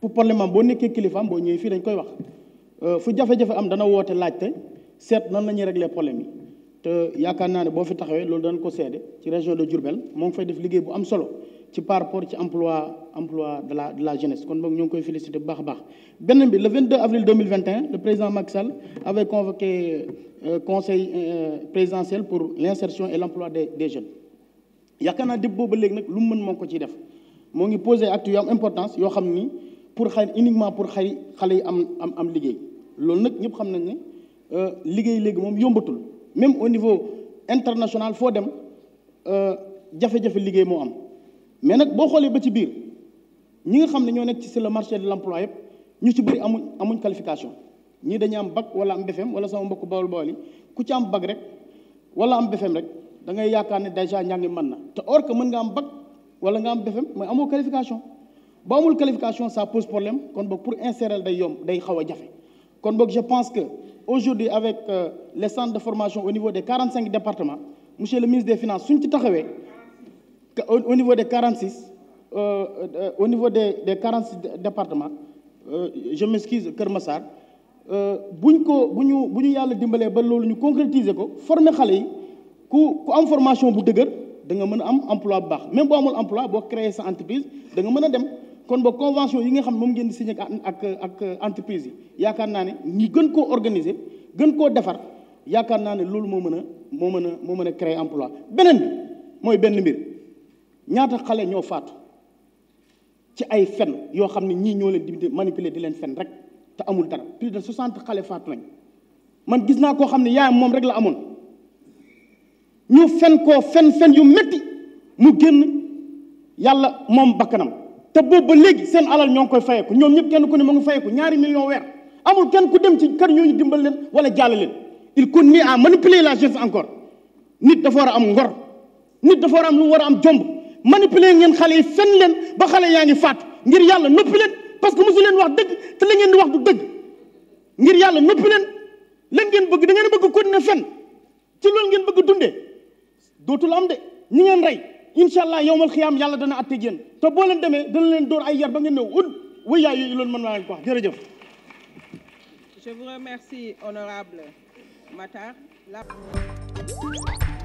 pour problème am boo nekkee kilifa boo ñëwee fii dañ koy wax euh, fu jafe-jafe am dana woote laajte seet nan la ñuy régler problème yi te yaakaar naa ne boo fi taxawee loolu dañ ko seede ci région de Diourbel moo ngi fay def liggéey bu am solo ci par rapport ci emploi emploi de la de la jeunesse kon boog ñoo ngi koy félicité bu baax a baax. benn bi le 22 avril 2021 le président Macky Sall avait convoqué euh, conseil euh, présidentiel pour l'insertion et l'emploi des des jeunes. yaakaar naa dépp booba léegi nag lu mu mën moo ko ciy def moo ngi posé acte yu am importance yoo xam ni pour xay uniquement pour xay xale yi am am am liggéey loolu nag ñëpp xam nañ ne euh, liggéey léegi moom yombatul même au niveau international foo dem euh, jafe-jafe liggéey moo am mais nag boo xoolee ba ci biir ñi nga xam ne ñoo nekk ci sur le marché de l'emploi yëpp ñu ci bëri amuñ amuñ qualification ñii dañu am bac wala am BFEM wala sama mbokk bawol bawol yi ku ci am bac rek wala am rek da ngay yaakaar ne dèjà ñaa ngi mën na te or que mën nga am bac wala nga am BFEM mais amoo qualification boo amul qualification ça pose problème kon boog pour insérer day yomb day xaw a jafe kon boog je pense que aujourd'hui avec euh, le centres de formation au niveau des 45 départements monsieur le ministre des finances suñ ci taxawee au niveau des 46 euh, euh, au niveau des des 46 départements je m'excuse Kër Massar buñ ko bu ñu bu ñu yàlla dimbalee ba loolu ñu concrétiser ko former xale yi. ku ku am formation bu dëgër da nga mën a am emploi bu baax même boo amul emploi boo créer sa entreprise danga mën a dem kon boo convention yi nga xam moom ngeen di signé ak ak entreprise yi yaakaar naa ne ñu gën koo organiser gën koo defar yaakaar naa ne loolu moo mën a moo mën a moo mën a créer emploi beneen mooy benn mbir ñaata xale ñoo faatu ci ay fen yoo xam ne ñii ñoo leen di manipuler di leen fen rek te amul dara plus de 60 xale faatu nañ man gis naa koo xam ne yaayam moom rek la amoon ñu fen koo fen fen yu metti mu génn yàlla moom bakkanam te boobu ba léegi seen alal ñoo koy fayeeku ñoom ñëpp kenn ku ne mu ngi fayeeku ñaari million weer amul kenn ku dem ci kër ñooñu dimbal leen wala jàll leen il continue à manipuler la jeunesse encore nit dafa war a am ngor nit dafa war a am lu mu war a am jomb manipuler ngeen xale yi fen leen ba xale yaa ngi faatu ngir yàlla noppi leen parce que mosu leen wax dëgg te la ngeen di wax du dëgg ngir yàlla noppi leen lan ngeen bëgg da ngeen bëgg continuer fen ci loolu ngeen bëgg dundee dootul am de ni ngeen rey incha allah yowmal xiyaam yàlla dana àtteeg yéen te boo leen demee dana leen door ay yar ba ngeen ne ut wéy yaay man loolu mën naa leen ko wax jërëjëf. Je vous